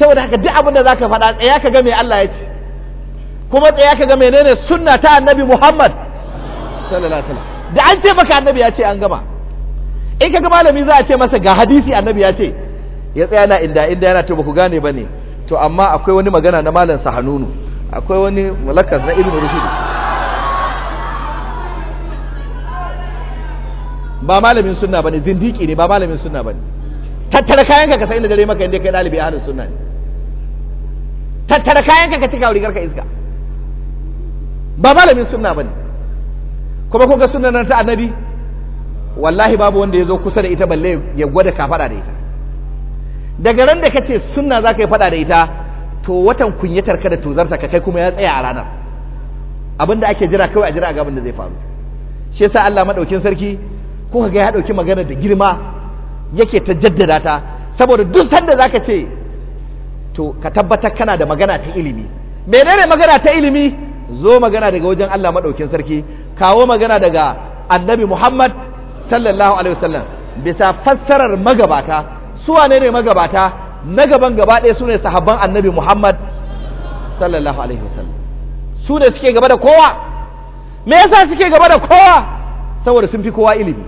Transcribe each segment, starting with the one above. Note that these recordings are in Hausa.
saboda haka duk abin da ka faɗa tsaya ka ga me Allah ya ce kuma tsaya ka ga menene sunna ta annabi Muhammad sallallahu alaihi wasallam da an ce maka annabi ya ce an gama in kaga malami za a ce masa ga hadisi annabi ya ce ya tsaya na inda inda yana to baku gane bane to amma akwai wani magana na malam Sahanunu akwai wani mulakas na Ibn rufi ba malamin sunna bane zindiki ne ba malamin sunna bane tattara kayanka ka sai inda dare maka inda kai dalibi ahlus sunna ne tattara kayanka ka cika rigar ka iska ba malamin sunna bane kuma kuka sunna nan ta annabi wallahi babu wanda ya zo kusa da ita balle ya gwada ka fada da ita daga ran da kace sunna ka yi fada da ita to watan kunyatar ka da tozarta ka kai kuma ya tsaya a ranar abinda ake jira kawai a jira a gaban da zai faru shi yasa Allah madaukin sarki kuka ga ya dauki magana da girma yake ta jaddada ta saboda duk sanda zaka ce to ka tabbatar kana da magana ta ilimi menene magana ta ilimi zo magana daga wajen Allah madaukin sarki kawo magana daga annabi Muhammad sallallahu alaihi wasallam bisa fassarar magabata su wane ne magabata na gaban gaba ɗaya su ne sahabban annabi Muhammad sallallahu alaihi wasallam su ne suke gaba da kowa me yasa suke gaba da kowa saboda sun fi kowa ilimi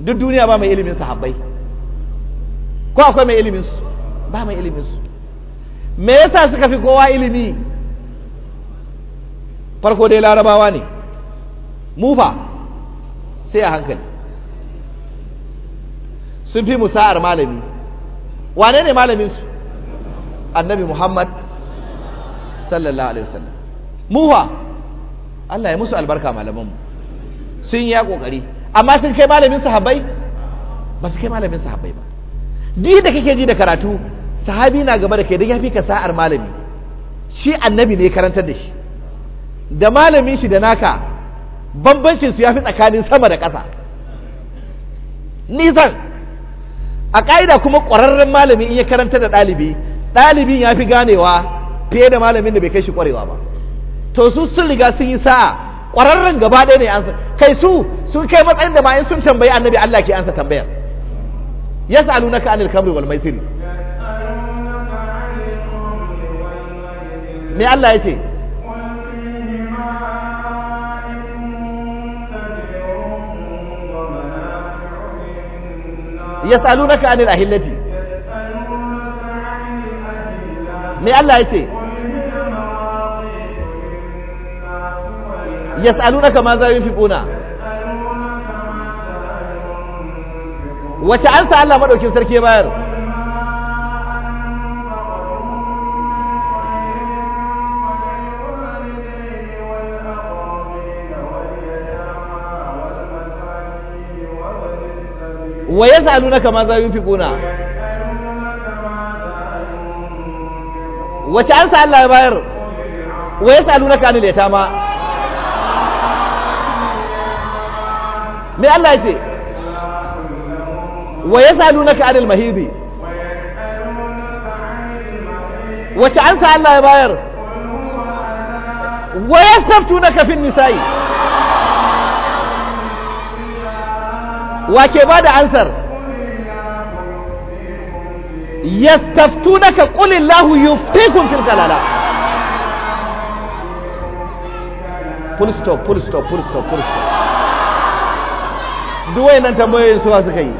duk duniya ba mai ilimin sahabbai ko akwai mai ilimin su ba mai ilimin su me yasa suka fi kowa ilimi farko dai larabawa ne mufa sai a hankali sun fi musa'ar malami wane ne malaminsu annabi muhammad sallallahu alaihi wasallam mufa Allah ya musu albarka malamanmu sun yi ya kokari amma sun kai malamin sahabbai ba su kai malamin sahabbai ba duk da kake ji da karatu sahabi na gaba da kai don ya fi ka sa'ar malami shi annabi ne karantar da shi da malamin shi da naka bambancin su ya fi tsakanin sama da ƙasa nisan a ƙa'ida kuma ƙwararren malami in ya karanta da ɗalibi ɗalibin ya fi ganewa fiye da malamin da bai kai shi ƙwarewa ba to su sun riga sun yi sa'a ƙwararren gaba ɗaya ne ansa kai su sun kai matsayin da ma'in sun tambayi annabi Allah ke ansa tambayar yas'alunaka anil khamri wal maisiri me Allah ya ce yas'alunaka anil ahillati me Allah ya ce yas'alunaka ma za wace Allah madaukin sarki bayar wa yas'alunaka ma za yi yunfiquna wace ansa Allah ya bayar wa yas'alunaka anil ma me Allah ya ce wa yas'alunaka anil mahidi wace an ansa Allah ya bayar na kafin fin nisa'i wa ke ba da ansar yastaftunaka qul illahu yuftikum fil kalala full stop full stop full stop full stop duk nan tambayoyin suwa suka yi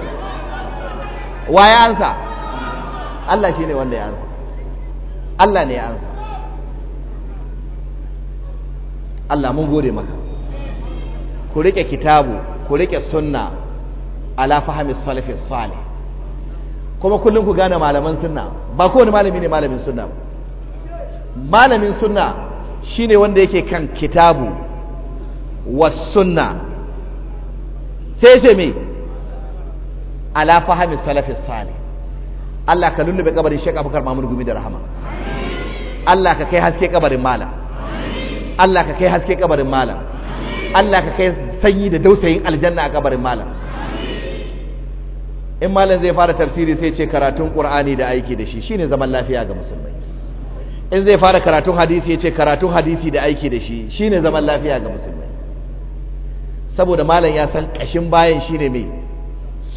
wa ya ansa Allah shi ne wanda ya ansa Allah ne ya ansa Allah mun gode maka ku rike kitabu ku rike sunna ala fahmi salafi salih kuma kullum ku gane malaman sunna ba kowane malami ne malamin sunna ba malamin sunna shine wanda yake kan kitabu wa sunna sai ce me ala fahmi salafi salih Allah ka lullube kabarin Sheikh Abubakar Mamun Gumi da rahama Allah ka kai haske kabarin malam Allah ka kai haske kabarin malam Allah ka kai sanyi da dausayin aljanna a kabarin malam in malam zai fara tafsiri sai ce karatun qur'ani da aiki da shi shine zaman lafiya ga musulmai in zai fara karatun hadisi ya ce karatun hadisi da aiki da shi shine zaman lafiya ga musulmai saboda malam ya san kashin bayan shine mai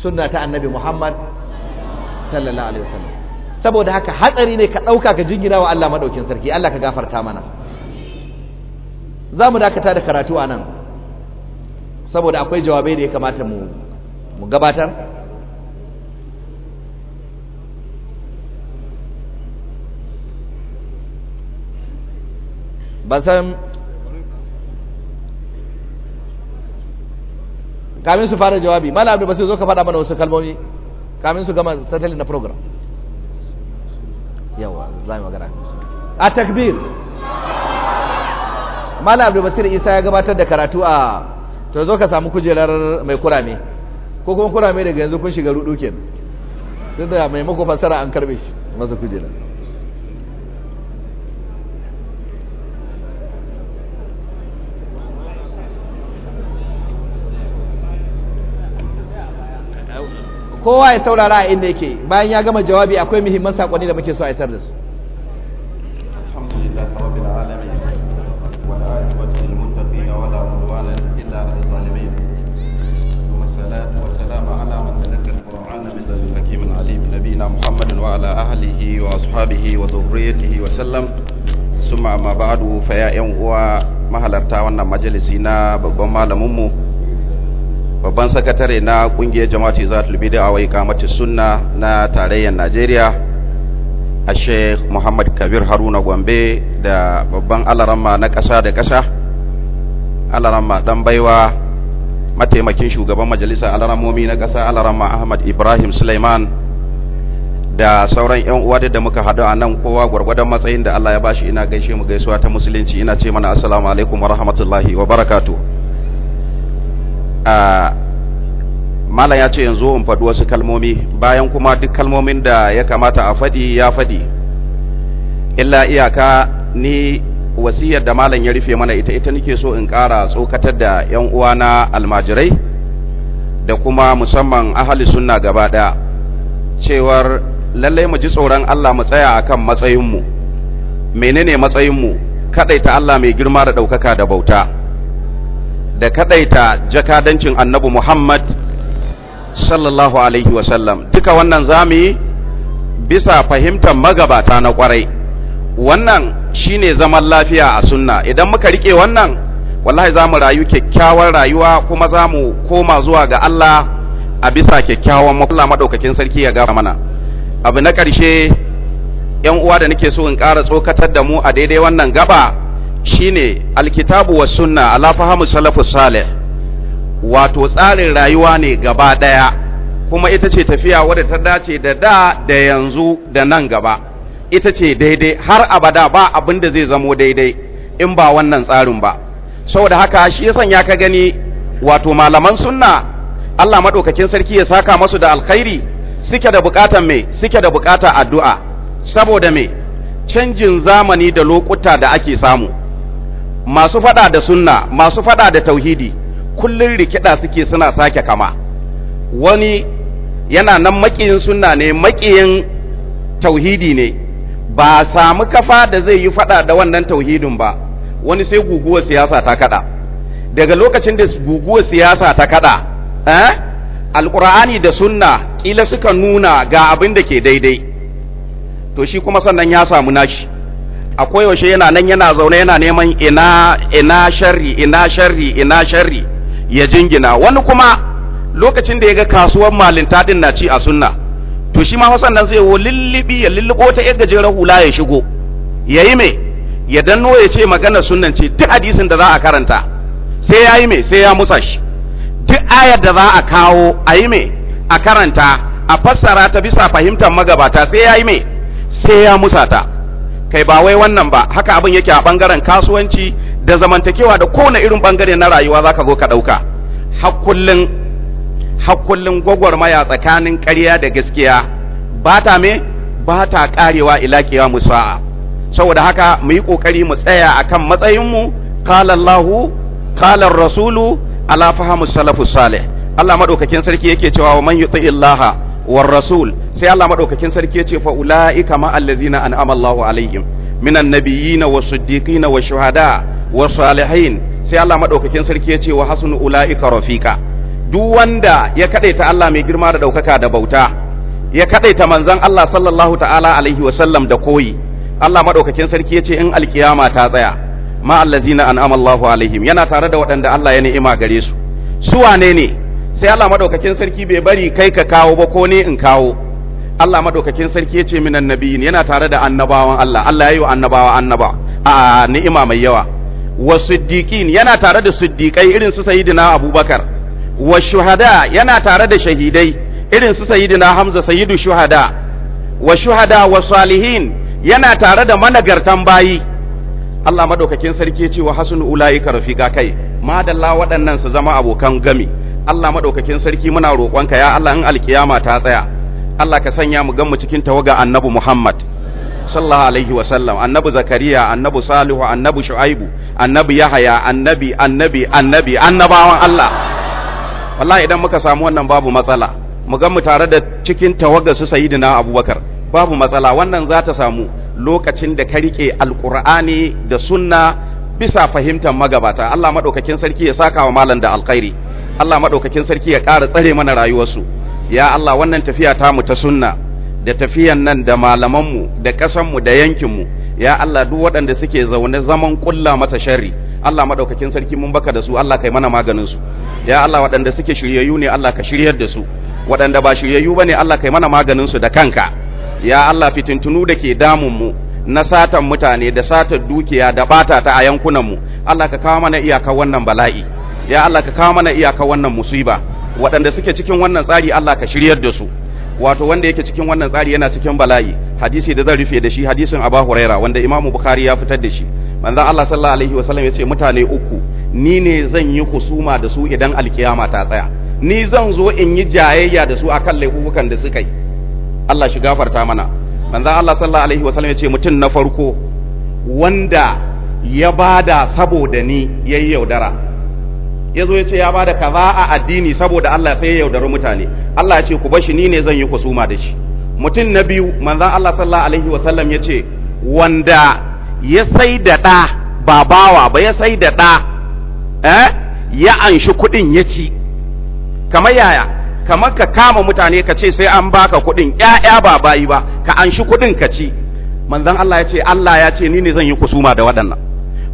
sunna ta annabi Muhammad sallallahu alaihi wasallam saboda haka hatsari ne ka dauka ka jingina wa Allah madaukin sarki Allah ka gafarta mana zamu dakata da karatu anan saboda akwai jawabai da ya kamata mu mu gabatar ban san kamin su fara jawabi mala abdul basu zo ka faɗa mana wasu kalmomi kamin su gama satali na program yawa za mu magana a takbir mala abdul basir isa ya gabatar da karatu a to zo ka samu kujerar mai kurame ko kuma kurame daga yanzu kun shiga rudu kenan duk da mai mako fassara an karbe shi masa kujerar kowa ya saurara a inda yake bayan ya gama jawabi akwai muhimman sakonni da muke so a isar da su محمد وعلى أهله وأصحابه وذريته وسلم ثم ما بعد فيا wannan majalisi na babban malamin mu babban sakatare na kungiyar jama'ati za ta lubi da'awa ikamati sunna na tarayyar najeriya a sheikh muhammad kabir haruna gombe da babban alarama na ƙasa da ƙasa alarama dan baiwa mataimakin shugaban majalisar alaramomi na kasa alarama ahmad ibrahim suleiman da sauran yan uwa da muka hadu a nan kowa gwargwadon matsayin da allah ya bashi ina gaishe mu gaisuwa ta musulunci ina ce mana assalamu alaikum wa rahmatullahi wa barakatuh malam ya ce yanzu in faɗi wasu kalmomi bayan kuma duk kalmomin da ya kamata a faɗi ya faɗi illa iyaka ni wasiyar da malam ya rufe mana ita ita nake so in ƙara tsokatar da 'yan uwana almajirai da kuma musamman ahali sunna gaba ɗaya cewar lallai mu ji tsoron Allah mu tsaya akan matsayinmu menene matsayinmu kaɗaita Allah mai girma da ɗaukaka da bauta da kadaita jakadancin annabi Muhammad sallallahu alaihi wasallam duka wannan zamu yi bisa fahimtar magabata na kwarai wannan shine zaman lafiya a sunna idan muka rike wannan wallahi za rayu kyakkyawar rayuwa kuma za koma zuwa ga Allah a bisa kyakkyawan mafulla madaukakin sarki ya gafa mana abu na ƙarshe ‘yan uwa da nake so in ƙara tsokatar da mu a daidai wannan gaba shine alkitabu wa sunna ala fahamu salafu salih wato tsarin rayuwa ne gaba daya kuma ita ce tafiya wadda ta dace da da da yanzu da nan gaba ita ce daidai har abada ba abin da zai zamo daidai in ba wannan tsarin ba saboda haka shi ya sanya ka gani wato malaman sunna Allah madaukakin sarki ya saka masu da alkhairi suke da bukatan me suke da bukata addu'a saboda me canjin zamani da lokuta da ake samu masu faɗa da sunna masu faɗa da tauhidi kullun rikida suke suna sake kama wani yana nan makiyin sunna ne makiyin tauhidi ne ba samu kafa da zai yi faɗa da wannan tauhidin ba wani sai guguwar siyasa ta kada daga lokacin da guguwar siyasa ta kada eh da sunna kila suka nuna ga abin da ke daidai to shi kuma sannan ya samu nashi a koyaushe yana nan yana zaune yana neman ina ina sharri ina sharri ina sharri ya jingina wani kuma lokacin da ya ga kasuwar malinta din na ci a sunna to shi ma Hassan nan zai wo lillibi ya lilliko ta yar gajeren hula ya shigo yayi me ya danno ya ce magana sunnan ce duk hadisin da za a karanta sai yayi me sai ya musa shi duk ayar da za a kawo ayi me a karanta a fassara ta bisa fahimtar magabata sai yayi me sai ya musa ta. kai ba wai wannan ba haka abin yake a bangaren kasuwanci da zamantakewa da kowane irin bangare na rayuwa zaka zo ka ɗauka hakullin hakullin gwagwarmaya tsakanin ƙarya da gaskiya ba ta me ba ta karewa ilakewa musa'a sa'a saboda haka mu yi kokari mu tsaya akan matsayin mu qala Allahu qala rasulu ala fahamu salafus salih Allah madaukakin sarki yake cewa wa man yuti illaha war rasul sai Allah madaukakin sarki yace fa ulaika ma allazina an'ama Allahu alaihim minan nabiyyin was-siddiqin wash-shuhada was-salihin sai Allah madaukakin sarki yace wa hasunu ulaika rafiqa duk wanda ya kadaita Allah mai girma da daukaka da bauta ya kadaita manzon Allah sallallahu ta'ala alaihi wa sallam da koyi Allah madaukakin sarki yace in alkiyama ta tsaya ma allazina an'ama Allahu alaihim yana tare da waɗanda Allah ya ni'ima gare su su wane ne sai Allah madaukakin sarki bai bari kai ka kawo ba ko ne in kawo Allah madaukakin sarki ya ce minan nabiyin yana tare da annabawan Allah Allah ya yi wa annabawa annaba a ni'ima mai yawa wa siddiqin yana tare da siddiqai irin su sayyidina Abubakar wa shuhada yana tare da shahidai irin su sayyidina Hamza sayyidu shuhada wa shuhada wa salihin yana tare da managartan bayi Allah madaukakin sarki ya ce wa hasunu ulaika rafiqa kai madalla waɗannan su zama abokan gami Allah madaukakin sarki muna roƙonka ya Allah in alkiyama ta tsaya Allah ka sanya mu gan mu cikin tawaga annabi Muhammad sallallahu alaihi wa sallam annabi Zakariya annabi Salihu annabi Shu'aibu annabi Yahaya annabi annabi annabi annabawan Allah wallahi idan muka samu wannan babu matsala mu gan mu tare da cikin tawaga su sayyidina Abubakar babu matsala wannan za ta samu lokacin da ka rike alqur'ani da sunna bisa fahimtar magabata Allah madaukakin sarki ya saka wa malam da alkhairi Allah maɗaukakin sarki ya ƙara tsare mana rayuwarsu ya Allah wannan tafiya mu ta sunna da tafiyan nan da malamanmu da ƙasanmu da yankinmu ya Allah duk waɗanda suke zaune zaman ƙulla mata sharri Allah maɗaukakin sarki mun baka da su Allah kai mana maganinsu. ya Allah waɗanda suke shiryayyu ne Allah ka shiryar da su waɗanda ba shiryayyu ba ne Allah kai mana maganinsu da kanka ya Allah fitintunu da ke damunmu na satan mutane da satar dukiya da bata ta a yankunanmu Allah ka kawo mana iyakar wannan bala'i ya Allah ka kawo mana iyaka wannan musiba waɗanda suke cikin wannan tsari Allah ka shiryar da su wato wanda yake cikin wannan tsari yana cikin bala'i hadisi da zan rufe da shi hadisin Abu Huraira wanda Imam Bukhari ya fitar da shi manzon Allah sallallahu alaihi wasallam ce mutane uku ni ne zan yi kusuma da su idan alkiyama ta tsaya ni zan zo in yi jayayya da su akan laifukan da suka yi Allah shi gafarta mana manzon Allah sallallahu alaihi wasallam yace mutum na farko wanda ya bada saboda ni yayi yaudara ya zo ya ce ya bada kaza a addini saboda Allah sai ya yaudari mutane Allah ya ce ku bashi ni ne zan yi kusuma da shi mutum na biyu manzon Allah sallallahu alaihi wasallam ya ce wanda ya sai da ɗa ba bawa ba ya sai da ɗa eh ya anshi kuɗin ya ci kamar yaya kamar ka kama mutane ka ce sai an baka kuɗin ƴaƴa ba bayi ba ka anshi kuɗin ka ci manzon Allah ya ce Allah ya ce ni ne zan yi kusuma da waɗannan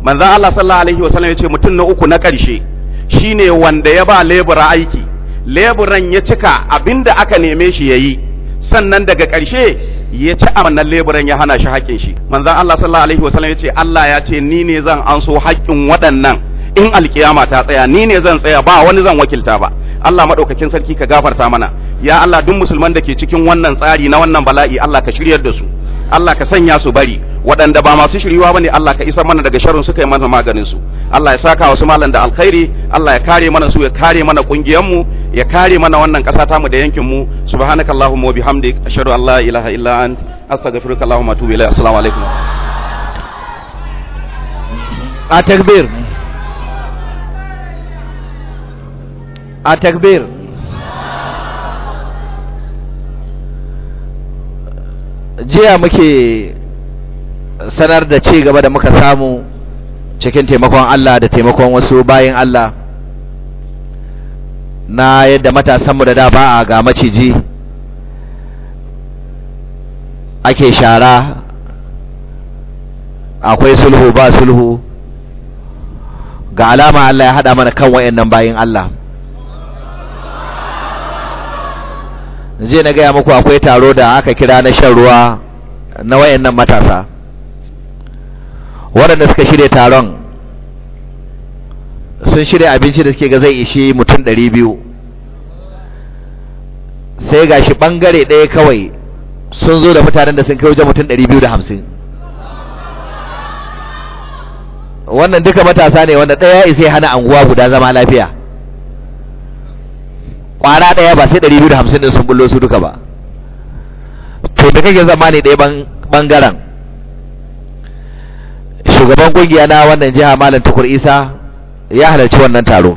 manzon Allah sallallahu alaihi wasallam ya ce mutum na uku na ƙarshe Shi ne wanda ya ba lebura aiki leburan ya cika abinda aka neme shi ya yi sannan daga ƙarshe ya ci amannan leburan ya hana shi haƙƙin shi manzan Allah sallallahu alaihi wasallam ya ce Allah ya ce ni ne zan anso haƙƙin waɗannan in alƙiyama ta tsaya ni ne zan tsaya ba wani zan wakilta ba Allah madaukakin sarki ka gafarta mana ya Allah duk musulman da ke cikin wannan tsari na wannan bala'i Allah ka shiryar da su Allah ka sanya su bari waɗanda ba masu shiriwa bane Allah ka isa mana daga sharrin su yi mana maganin su Allah ya saka wasu malan da alkhairi Allah ya kare mana su ya kare mana kungiyan mu ya kare mana wannan ƙasa ta mu da yankin mu subhanakallahumma wa bihamdik ashhadu an la ilaha illa ant astaghfiruka allahumma wa atubu ilayk assalamu alaikum a takbir a takbir jiya muke sanar da ci gaba da muka samu cikin taimakon Allah da taimakon wasu bayin Allah na yadda matasanmu da da ba a ga maciji ake shara akwai sulhu ba sulhu ga alama Allah ya haɗa mana kan wa'annan bayin Allah je na gaya muku akwai taro da aka kira na shan ruwa na wayannan matasa waɗanda suka shirya taron sun shirya abinci da suke ga zai ishi mutum ɗari biyu sai ga shi ɓangare ɗaya kawai sun zo da mutanen da sun kai wajen mutum ɗari biyu da hamsin wannan duka matasa ne wanda ɗaya ya isai hana anguwa guda zama lafiya kwara daya ba sai 250 din sun bullo su duka ba to da kake zamani daya bangaren shugaban kungiya na wannan jiha malam tukur isa ya halarci wannan taro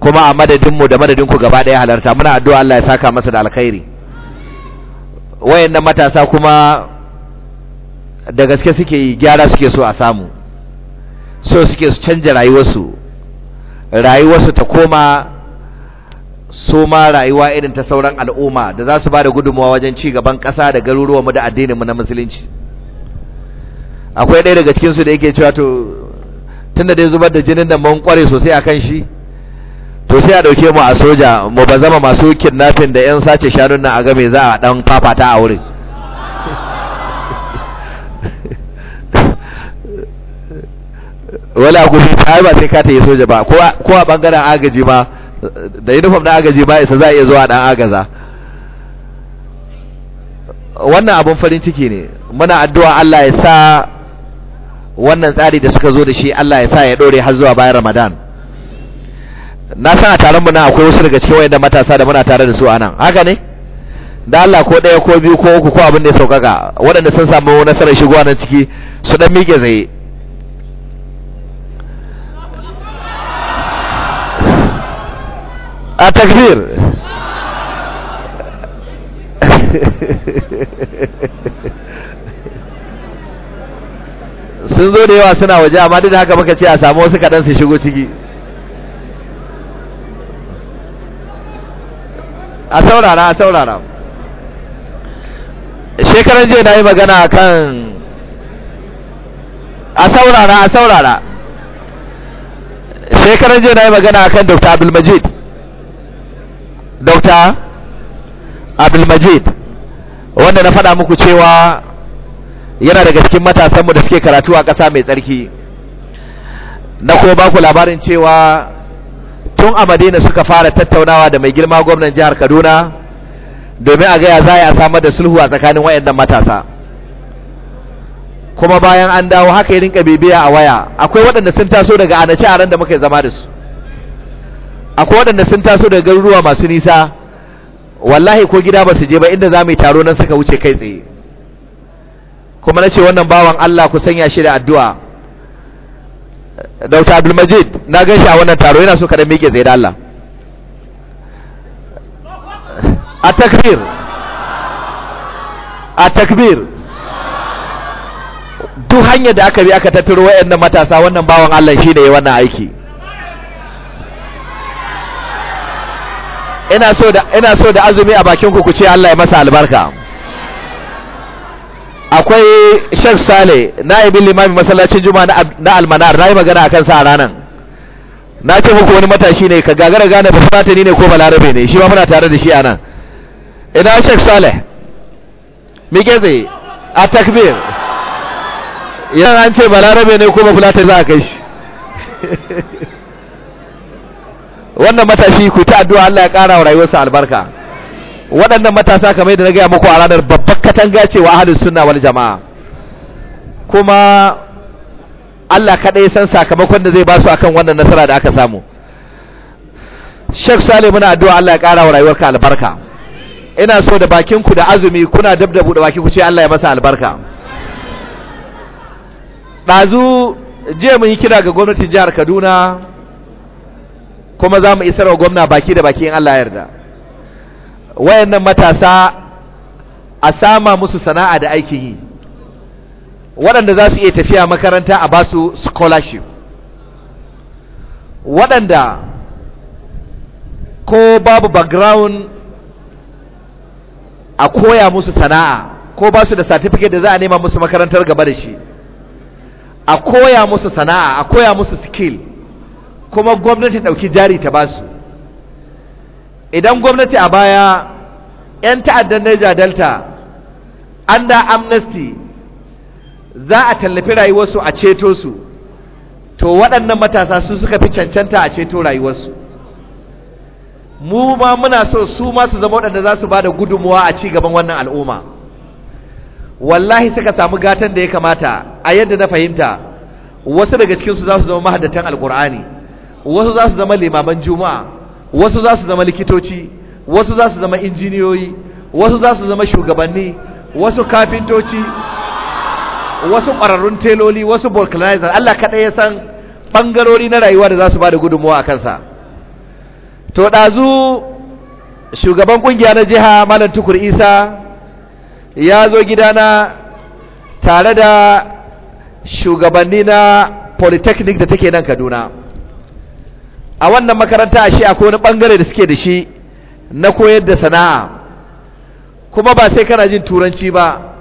kuma a madadinmu da madadinku gaba daya halarta muna addu'a Allah ya saka masa da alkhairi wayannan matasa kuma da gaske suke yi gyara suke so a samu so suke su canja rayuwarsu rayuwarsu ta koma su ma rayuwa irin ta sauran al'umma da za su ba da gudunmuwa wajen ci gaban ƙasa da garuruwanmu da addininmu na musulunci akwai ɗaya daga cikinsu da yake cewa to tun da dai zubar da jinin da mun kware sosai a kan shi to sai a ɗauke mu a soja mu ba zama masu kidnapping da 'yan sace shanun nan a ga me za a ɗan fafata a wurin wala gudu ta ba sai ka ta yi soja ba ko a bangaren agaji ma da uniform na agaji ba isa za a iya zuwa ɗan agaza wannan abin farin ciki ne muna addu'a Allah ya sa wannan tsari da suka zo da shi Allah ya sa ya ɗore har zuwa bayan Ramadan na san a taron mu na akwai wasu daga cikin wayannan matasa da muna tare da su anan haka ne da Allah ko ɗaya ko biyu ko uku ko abin da ya saukaka waɗanda sun samu nasarar shigowa na ciki su ɗan miƙe zai a takbir sun zo da yawa suna waje amma duk da haka muka ce a samu wasu kaɗan su shigo ciki a saurara a saurara shekaran jiya na yi magana kan a saurara a saurara shekaran jiya na yi magana kan dr abdulmajid Dr. Abdulmajid wanda na faɗa muku cewa yana daga cikin matasanmu da suke karatu a ƙasa mai tsarki na kuma ku labarin cewa tun a Madina suka fara tattaunawa da mai girma gwamnan jihar Kaduna domin a gaya za a samar da sulhu a tsakanin wayannan matasa kuma bayan an dawo haka ya rinka bibiya a waya akwai waɗanda sun taso daga anace a ran da muka zama da su akwai waɗanda sun taso daga garuruwa masu nisa wallahi ko gida ba su je ba inda za mu yi taro nan suka wuce kai tsaye kuma na ce wannan bawan Allah ku sanya shi da addu'a Dr. Abdulmajid na gan shi a wannan taro yana so ka da miƙe tsaye da Allah a takbir a takbir duk hanyar da aka bi aka tattaro wa'annan matasa wannan bawan Allah shi ne ya wannan aiki ina so da azumi a bakin ku ku ce Allah ya masa albarka akwai Sheikh Sale naibin limami masallacin juma na Almanar nayi magana akan sa ranan na ce muku wani matashi ne ka gagara gane ba fulatani ne ko balarabe ne shi ba muna tare da shi a nan ina Sheikh Saleh mike tsaye a takbir yana an ce balarabe ne ko ba fulatani za a kai shi wannan matashi ku ta addu'a Allah ya ƙara wa rayuwarsa albarka waɗannan matasa kamar da na gaya muku a ranar babbar katanga ce wa ahlus sunna wal jama'a kuma Allah kaɗai san sakamakon da zai ba su akan wannan nasara da aka samu Sheikh Salim muna addu'a Allah ya ƙara wa rayuwarka albarka ina so da bakin ku da azumi kuna dabdabu da baki ku ce Allah ya masa albarka ɗazu jiya mun yi kira ga gwamnatin jihar Kaduna kuma za mu isar wa gwamna baki da baki in Allah yarda wayannan matasa a sama musu sana'a da aikin yi waɗanda za su iya tafiya makaranta a basu scholarship waɗanda ko babu background a koya musu sana'a ko ba su da certificate da za a nema musu makarantar gaba da shi a koya musu sana'a a koya musu skill kuma gwamnati ɗauki jari ta basu idan gwamnati a baya 'yan ta'addan Niger Delta an da amnesty za a tallafi rayuwarsu a ceto su to waɗannan matasa su suka fi cancanta a ceto rayuwarsu mu ma muna so su ma su zama waɗanda za su ba da gudunmuwa a ci gaban wannan al'umma wallahi suka samu gatan da ya kamata a yadda na fahimta wasu daga cikinsu za su zama mahaddatan alƙur'ani wasu za su zama limaman juma'a wasu za su zama likitoci wasu za su zama injiniyoyi wasu za su zama shugabanni wasu kafintoci wasu ƙwararrun teloli wasu bolkanizer Allah kaɗai ya san ɓangarori na rayuwa da za su ba da gudunmuwa a kansa to ɗazu shugaban ƙungiya na jiha malam tukur isa ya zo gidana tare da shugabanni na polytechnic da take nan kaduna a wannan makaranta a shi akwai wani bangare da suke da shi na koyar da sana'a kuma ba sai kana jin turanci ba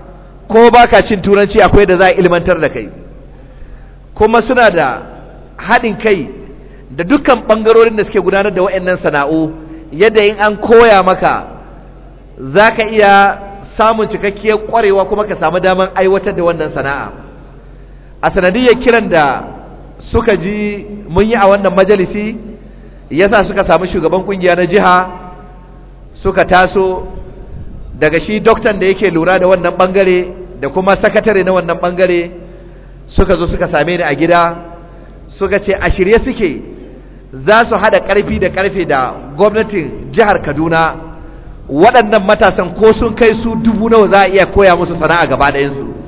ko ba ka cin turanci akwai da za a ilmantar da kai kuma suna da haɗin kai da dukkan ɓangarorin da suke gudanar da waɗannan sana'o yadda in an koya maka za ka iya samun cikakkiyar ƙwarewa kuma ka samu damar aiwatar da wannan sana'a a sanadiyyar kiran da suka ji mun yi a wannan majalisi yasa suka samu shugaban kungiya na jiha suka taso daga shi doktan da yake lura da wannan bangare da kuma sakatare na wannan bangare suka zo suka same ni a gida suka ce a shirye suke za su haɗa karfi da karfe da gwamnatin jihar kaduna waɗannan matasan ko sun kai su dubu nawa za a iya koya musu sana'a gaba ɗayansu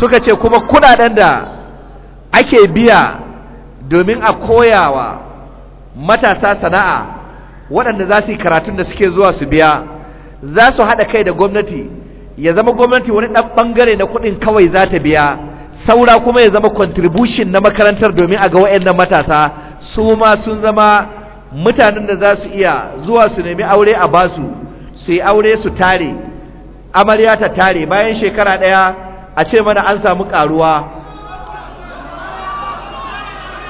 suka ce kuma kudaden da ake biya domin a koyawa matasa sana'a waɗanda za su yi karatun da suke zuwa su biya za su haɗa kai da gwamnati ya zama gwamnati wani ɗan ɓangare na kuɗin kawai za ta biya saura kuma ya zama contribution na makarantar domin a ga waɗannan matasa su ma sun zama mutanen da za su iya zuwa su nemi aure a basu su yi aure su tare amarya ta tare bayan shekara ɗaya a ce mana an samu karuwa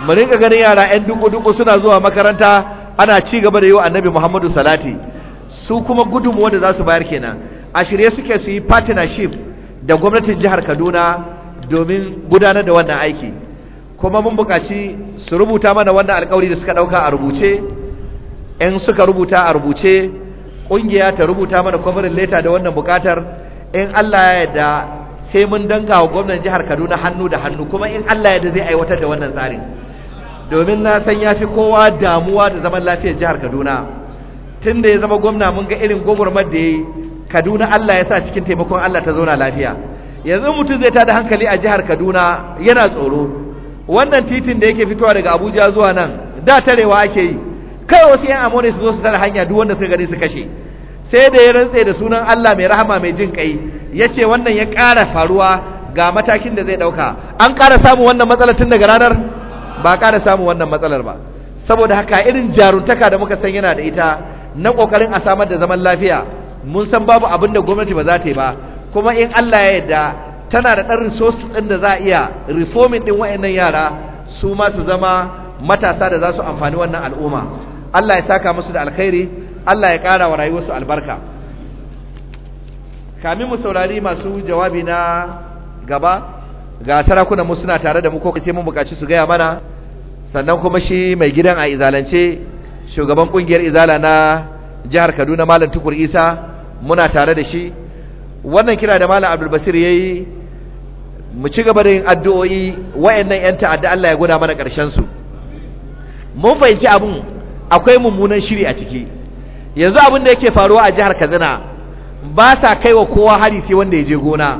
mu rinka ganin yara 'yan duku-duku suna zuwa makaranta ana ci gaba da yi wa annabi muhammadu salati su kuma gudunmu wanda za su bayar kenan a shirye suke su yi partnership da gwamnatin jihar kaduna domin gudanar da wannan aiki kuma mun buƙaci su rubuta mana wannan alkawari da suka ɗauka a rubuce in suka rubuta a rubuce ƙungiya ta rubuta mana kwafirin leta da wannan buƙatar in allah ya yarda sai mun danga wa gwamnan jihar Kaduna hannu da hannu kuma in Allah ya da zai aiwatar da wannan tsarin domin na san ya fi kowa damuwa da zaman lafiyar jihar Kaduna tun da ya zama gwamna mun ga irin gwagwarmar da ya Kaduna Allah ya sa cikin taimakon Allah ta zauna lafiya yanzu mutum zai ta da hankali a jihar Kaduna yana tsoro wannan titin da yake fitowa daga Abuja zuwa nan da tarewa ake yi kai wasu yan amore su zo su tare hanya duk wanda suka gani su kashe sai da ya rantse da sunan Allah mai rahama mai jin kai ya ce wannan ya ƙara faruwa ga matakin da zai ɗauka. an ƙara samun wannan matsalar tun daga ranar ba ƙara samu wannan matsalar ba saboda haka irin jaruntaka da muka san yana da ita na kokarin a samar da zaman lafiya mun san babu abin da gwamnati ba za ta yi ba kuma in Allah ya yarda tana da ɗan resources ɗin da za a iya reforming ɗin wa'annan yara su ma su zama matasa da za su amfani wannan al'umma Allah ya saka musu da alkhairi Allah ya ƙara wa rayuwarsu albarka kamin mu saurari masu jawabi na gaba ga sarakunan mu suna tare da mu ko kace mun bukaci su gaya mana sannan kuma shi mai gidan a izalance shugaban kungiyar izala na jihar Kaduna Malam Tukur Isa muna tare da shi wannan kira da Malam Abdul Basir yayi mu ci gaba da yin addu'o'i wayannan yan ta'adda Allah ya gwada mana karshen su mun fahimci abun akwai mummunan shiri a ciki yanzu abin da yake faruwa a jihar Kaduna ba sa kai wa kowa hari sai wanda ya je gona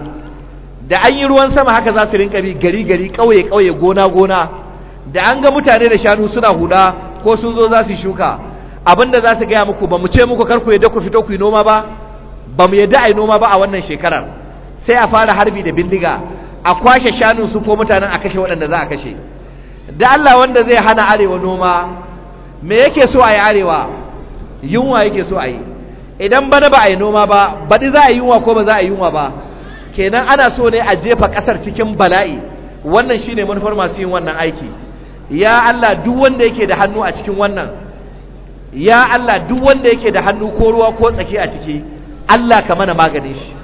da an yi ruwan sama haka za su rinka bi gari gari kauye kauye gona gona da an ga mutane da shanu suna huda ko sun zo za su shuka abin da za su gaya muku ba mu ce muku kar ku yadda ku fito ku yi noma ba ba mu yadda a yi noma ba a wannan shekarar sai a fara harbi da bindiga a kwashe shanu su ko mutanen a kashe waɗanda za a kashe da Allah wanda zai hana arewa noma me yake so a yi arewa yunwa yake so a yi idan bana ba a yi noma ba baɗi za a yi yunwa ko ba za a yi yunwa ba kenan ana so ne a jefa ƙasar cikin bala'i wannan shi ne manufar masu yin wannan aiki ya Allah duk wanda yake da hannu a cikin wannan ya Allah duk wanda yake da hannu ko ruwa ko tsaki a ciki Allah ka mana maganin shi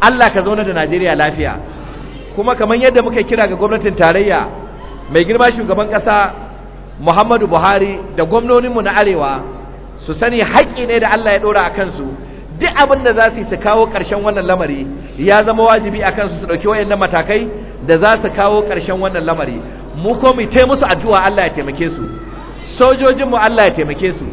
Allah ka zauna da Najeriya lafiya kuma kamar yadda muka kira ga gwamnatin tarayya mai girma shugaban ƙasa Muhammadu Buhari da gwamnoninmu na arewa su sani haƙƙi ne da Allah ya ɗora a kansu duk abin da za su yi su kawo ƙarshen wannan lamari ya zama wajibi a kansu su ɗauki wayannan matakai da za su kawo ƙarshen wannan lamari mu ko mu tai musu addu'a Allah ya taimake su sojojin mu Allah ya taimake su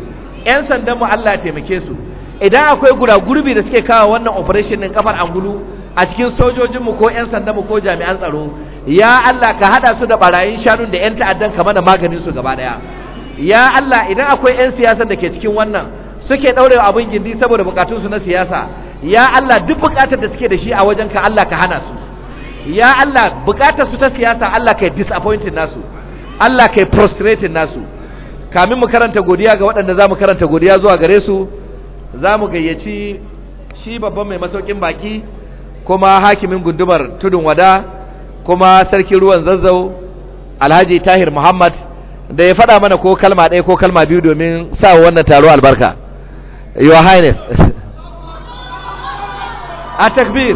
ƴan sandan mu Allah ya taimake su idan akwai guragurbi da suke kawo wannan operation din kafar angulu a cikin sojojin mu ko ƴan sandan mu ko jami'an tsaro ya Allah ka hada su da barayin shanun da ƴan ta'addan kamar da maganin su gaba daya ya Allah idan akwai 'yan siyasar da ke cikin wannan suke ɗaurewa abin gindi saboda buƙatunsu na siyasa ya Allah duk buƙatar da suke da shi a wajen ka Allah ka hana su ya Allah buƙatar su ta siyasa Allah kai disappointing nasu Allah kai prostrating nasu kamin mu karanta godiya ga waɗanda za mu karanta godiya zuwa gare su za mu gayyaci shi babban mai masaukin baki kuma hakimin gundumar tudun wada kuma sarki ruwan zazzau alhaji tahir muhammad da ya faɗa mana ko kalma ɗaya ko kalma biyu domin sa wa wannan taro albarka your highness a takbir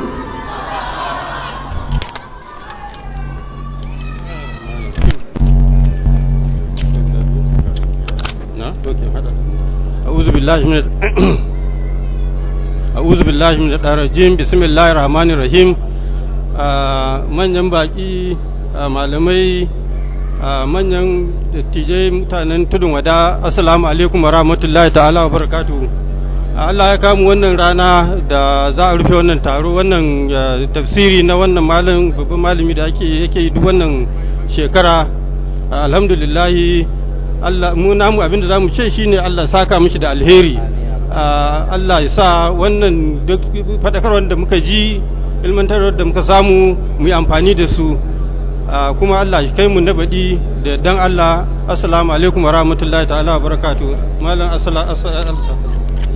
أعوذ بالله من الرجيم بسم الله rahmanin rahim ah, manyan baƙi ah, malamai Ah, manyan dattijai mutanen tudun wada assalamu alaikum wa rahmatullahi ta'ala wa barakatu ah, Allah ya kamu wannan rana da za a rufe wannan taro wannan ah, tafsiri na wannan malam babban malami da ake yake duk wannan shekara alhamdulillah Allah mu namu abinda zamu ce shine Allah saka mishi da alheri Allah ya sa wannan duk fadakarwar da muka ji ilmantarwar da muka samu mu yi amfani da su kuma Allah shi kai mu na baɗi da dan Allah assalamu alaikum wa rahmatullahi ta'ala barakatu malam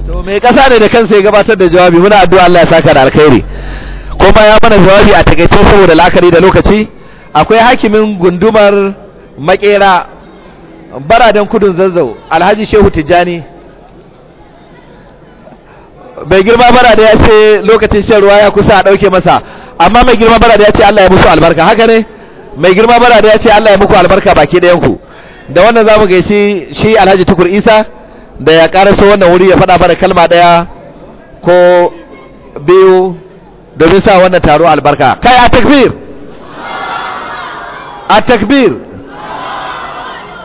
to me kasa ne da kansa ya gabatar da jawabi muna addu'a Allah ya saka da alkhairi kuma ya mana jawabi a takaice saboda lakari da lokaci akwai hakimin gundumar makera baradan kudun zazzau alhaji shehu tijjani bai girma da ya ce lokacin shan ruwa ya kusa a ɗauke masa amma mai girma da ya ce Allah ya musu albarka haka ne mai girma bara da ya ce Allah ya muku albarka baki da yanku da wannan zamu ga shi Alhaji Tukur Isa da ya karaso wannan wuri ya faɗa mana kalma daya ko biyu domin sa wannan taro albarka kai a takbir a takbir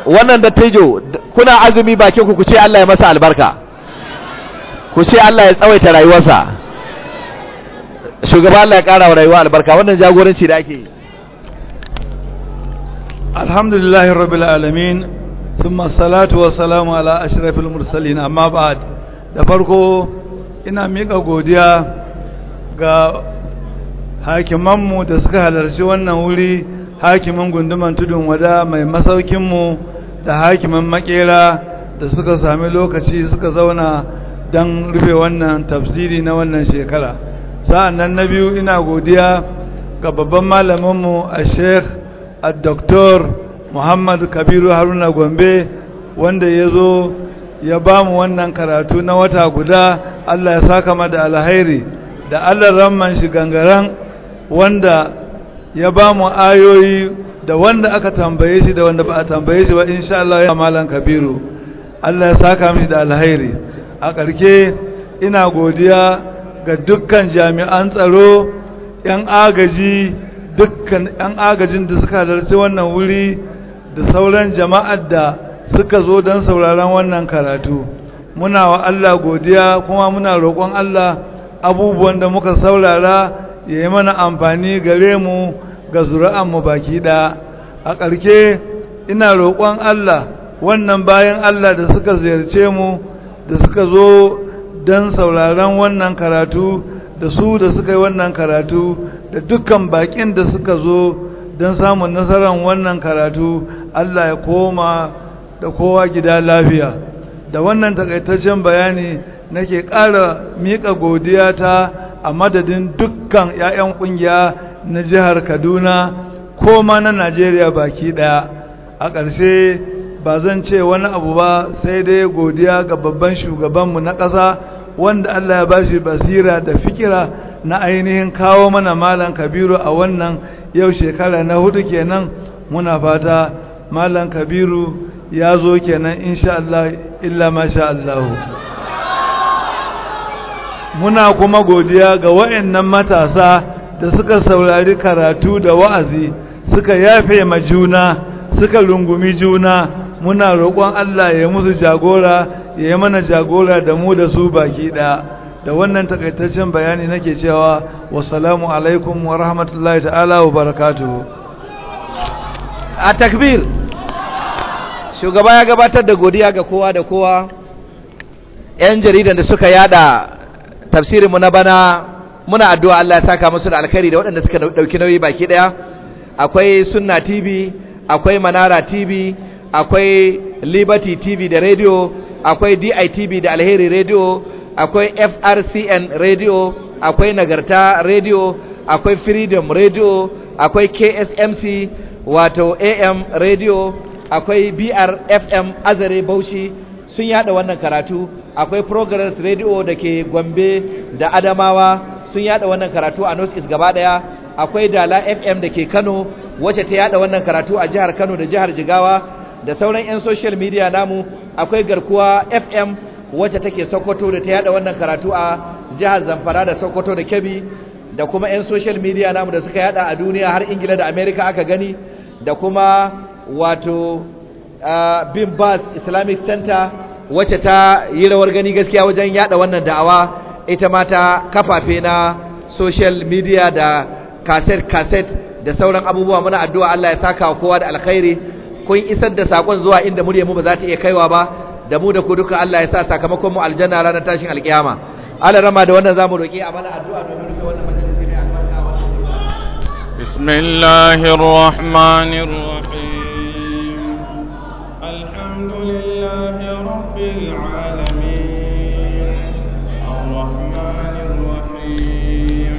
wannan dattijo kuna azumi bakin ku ku ce Allah ya masa albarka ku ce Allah ya tsawaita rayuwarsa shugaba Allah ya kara wa rayuwa albarka wannan jagoranci da ake yi الحمد لله رب العالمين ثم الصلاة والسلام على أشرف المرسلين أما بعد da farko ina miƙa godiya ga hakimanmu da suka halarci wannan wuri hakiman gunduman tudun wada mai masaukinmu da hakiman makera da suka sami lokaci suka zauna don rufe wannan tafsiri na wannan shekara sa'an na biyu ina godiya ga babban malaminmu a sheikh الدكتور Muhammadu Kabiru Haruna Gombe wanda ya zo ya ba mu wannan karatu na wata guda Allah ya saka da alhairi da Allah ramman shi gangaren wanda ya ba mu ayoyi da wanda aka tambaye shi da wanda ba a tambaye shi ba insha Allah ya malan kabiru Allah ya saka mishi da alhairi a ƙarke ina godiya ga dukkan jami'an tsaro 'yan agaji dukkan 'yan agajin da suka halarci wannan wuri da sauran jama'ar da suka zo don sauraron wannan karatu muna wa Allah godiya kuma muna roƙon Allah abubuwan da muka saurara ya yi mana amfani gare mu ga mu baki ɗaya a ƙarke ina roƙon Allah wannan bayan Allah da suka ziyarce mu da suka zo don sauraron wannan karatu da su da suka yi wannan karatu da dukkan bakin da suka zo don samun nasarar wannan karatu Allah ya koma da kowa gida lafiya da wannan takaitaccen bayani nake ƙara miƙa godiya ta a madadin dukkan 'ya'yan ƙungiya na jihar Kaduna ko ma na Najeriya baki ɗaya a ƙarshe ba zan ce wani abu ba sai dai godiya ga babban shugabanmu na ƙasa wanda Allah ya ba shi basira da fikira na ainihin kawo mana malam kabiru a wannan yau shekara na hudu kenan muna fata malam kabiru ya zo kenan insha'Allah illa masha Allah muna kuma godiya ga wayannan matasa da suka saurari karatu da wa'azi suka yafe ma juna suka rungumi juna muna roƙon Allah ya musu jagora ya yi mana jagora da mu da su baki ɗaya da wannan takaitaccen bayani nake cewa wa salamu alaikum wa rahmatullahi ta'ala wa barakatuhu a takbir shugaba ya gabatar da godiya ga kowa da kowa 'yan jaridan da suka yada tafsirinmu na bana muna addu'a Allah ya saka musu da alkhairi da waɗanda suka ɗauki nauyi baki ɗaya akwai sunna tv akwai manara tv akwai liberty tv da radio akwai ditv da alheri radio akwai FRCN radio akwai Nagarta radio akwai Freedom radio akwai KSMC wato AM radio akwai BRFM Azare Bauchi sun yada wannan karatu akwai Progress radio da ke Gombe da Adamawa sun yada wannan karatu a North East gaba daya akwai Dala FM da ke Kano wacce ta yada wannan karatu a jihar Kano da jihar Jigawa da sauran 'yan social media namu akwai garkuwa FM wacce take sokoto da ta yada wannan karatu a jihar zamfara da sokoto da kebbi da kuma 'yan social media namu da suka yada a duniya har ingila da america aka gani da kuma wato uh, islamic center wacce ta yi rawar gani gaskiya wajen yada wannan da'awa ita ma ta kafafe na social media da kaset-kaset da sauran abubuwa muna addu'a Allah ya saka kowa da alkhairi kun isar da sakon zuwa inda murya mu ba za ta iya kaiwa ba da mu da ku duka Allah ya sa sakamakon mu aljanna ranar tashin alkiyama Allah rama da wannan zamu roki a mana addu'a domin rufe wannan majalisi mai albarka wannan Bismillahir Rahmanir Rahim Alhamdulillahi Rabbil Alamin ar Rahim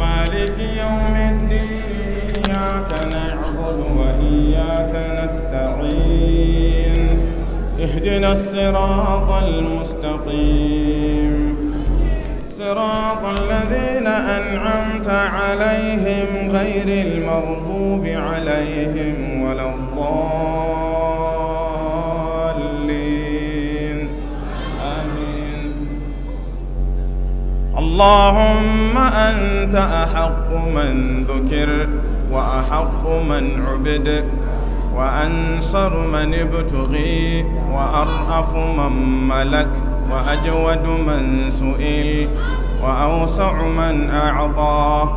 Maliki Yawmiddin Iyyaka na'budu wa iyyaka nasta'in اهدنا الصراط المستقيم صراط الذين أنعمت عليهم غير المغضوب عليهم ولا الضالين آمين اللهم أنت أحق من ذكر وأحق من عبد وأنصر من ابتغي وأرأف من ملك وأجود من سئل وأوسع من أعطى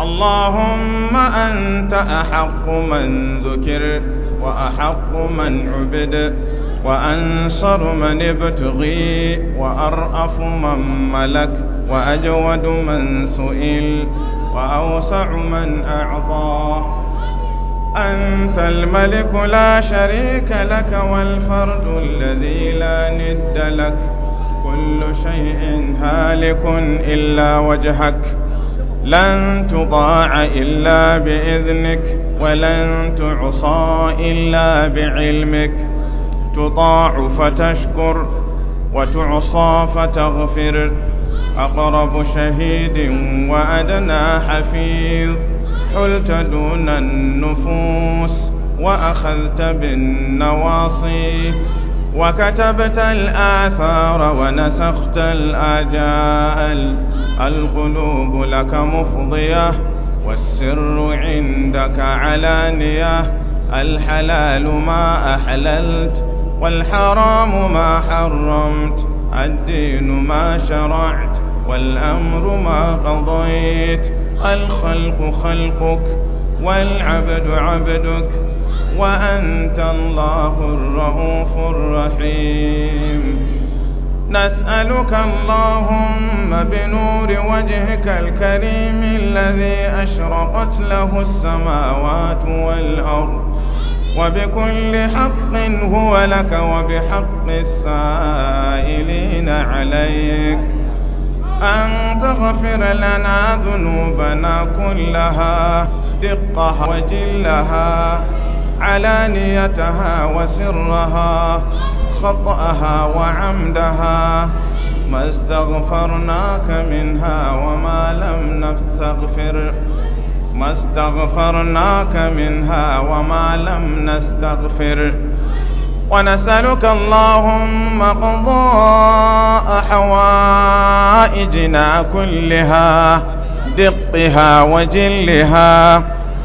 اللهم أنت أحق من ذكر وأحق من عبد وأنصر من ابتغي وأرأف من ملك وأجود من سئل وأوسع من أعطاه أنت الملك لا شريك لك والفرد الذي لا ند لك كل شيء هالك إلا وجهك لن تطاع إلا بإذنك ولن تعصى إلا بعلمك تطاع فتشكر وتعصى فتغفر أقرب شهيد وأدنى حفيظ حلت دون النفوس وأخذت بالنواصي وكتبت الآثار ونسخت الآجال القلوب لك مفضية والسر عندك علانية الحلال ما أحللت والحرام ما حرمت الدين ما شرعت والأمر ما قضيت الخلق خلقك والعبد عبدك وأنت الله الرؤوف الرحيم نسألك اللهم بنور وجهك الكريم الذي أشرقت له السماوات والأرض وبكل حق هو لك وبحق السائلين عليك أن تغفر لنا ذنوبنا كلها دقها وجلها علانيتها وسرها خطأها وعمدها ما استغفرناك منها وما لم نستغفر ما استغفرناك منها وما لم نستغفر ونسألك اللهم قضاء حوائجنا كلها دقها وجلها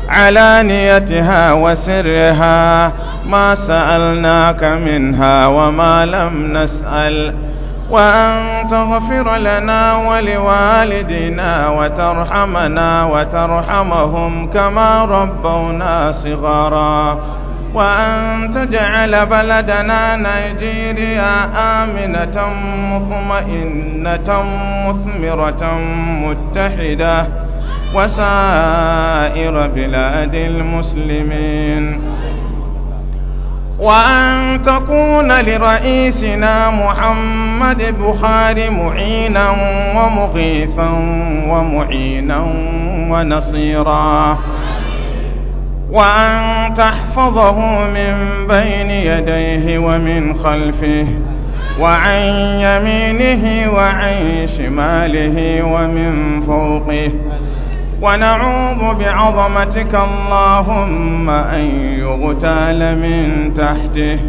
علانيتها وسرها ما سألناك منها وما لم نسأل وأن تغفر لنا ولوالدنا وترحمنا وترحمهم كما ربونا صغاراً وأن تجعل بلدنا نيجيريا آمنة مطمئنة مثمرة متحدة وسائر بلاد المسلمين وأن تكون لرئيسنا محمد بخاري معينا ومغيثا ومعينا ونصيرا وأن تحفظه من بين يديه ومن خلفه وعن يمينه وعن شماله ومن فوقه ونعوذ بعظمتك اللهم أن يغتال من تحته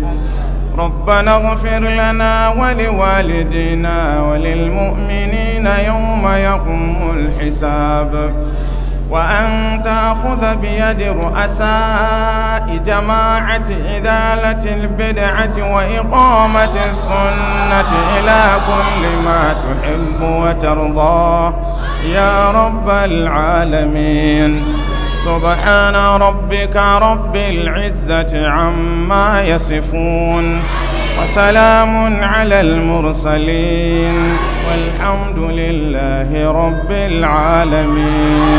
ربنا اغفر لنا ولوالدينا وللمؤمنين يوم يقوم الحساب وأن تأخذ بيد رؤساء جماعة إذالة البدعة وإقامة السنة إلى كل ما تحب وترضاه يا رب العالمين سبحان ربك رب العزة عما يصفون وسلام على المرسلين والحمد لله رب العالمين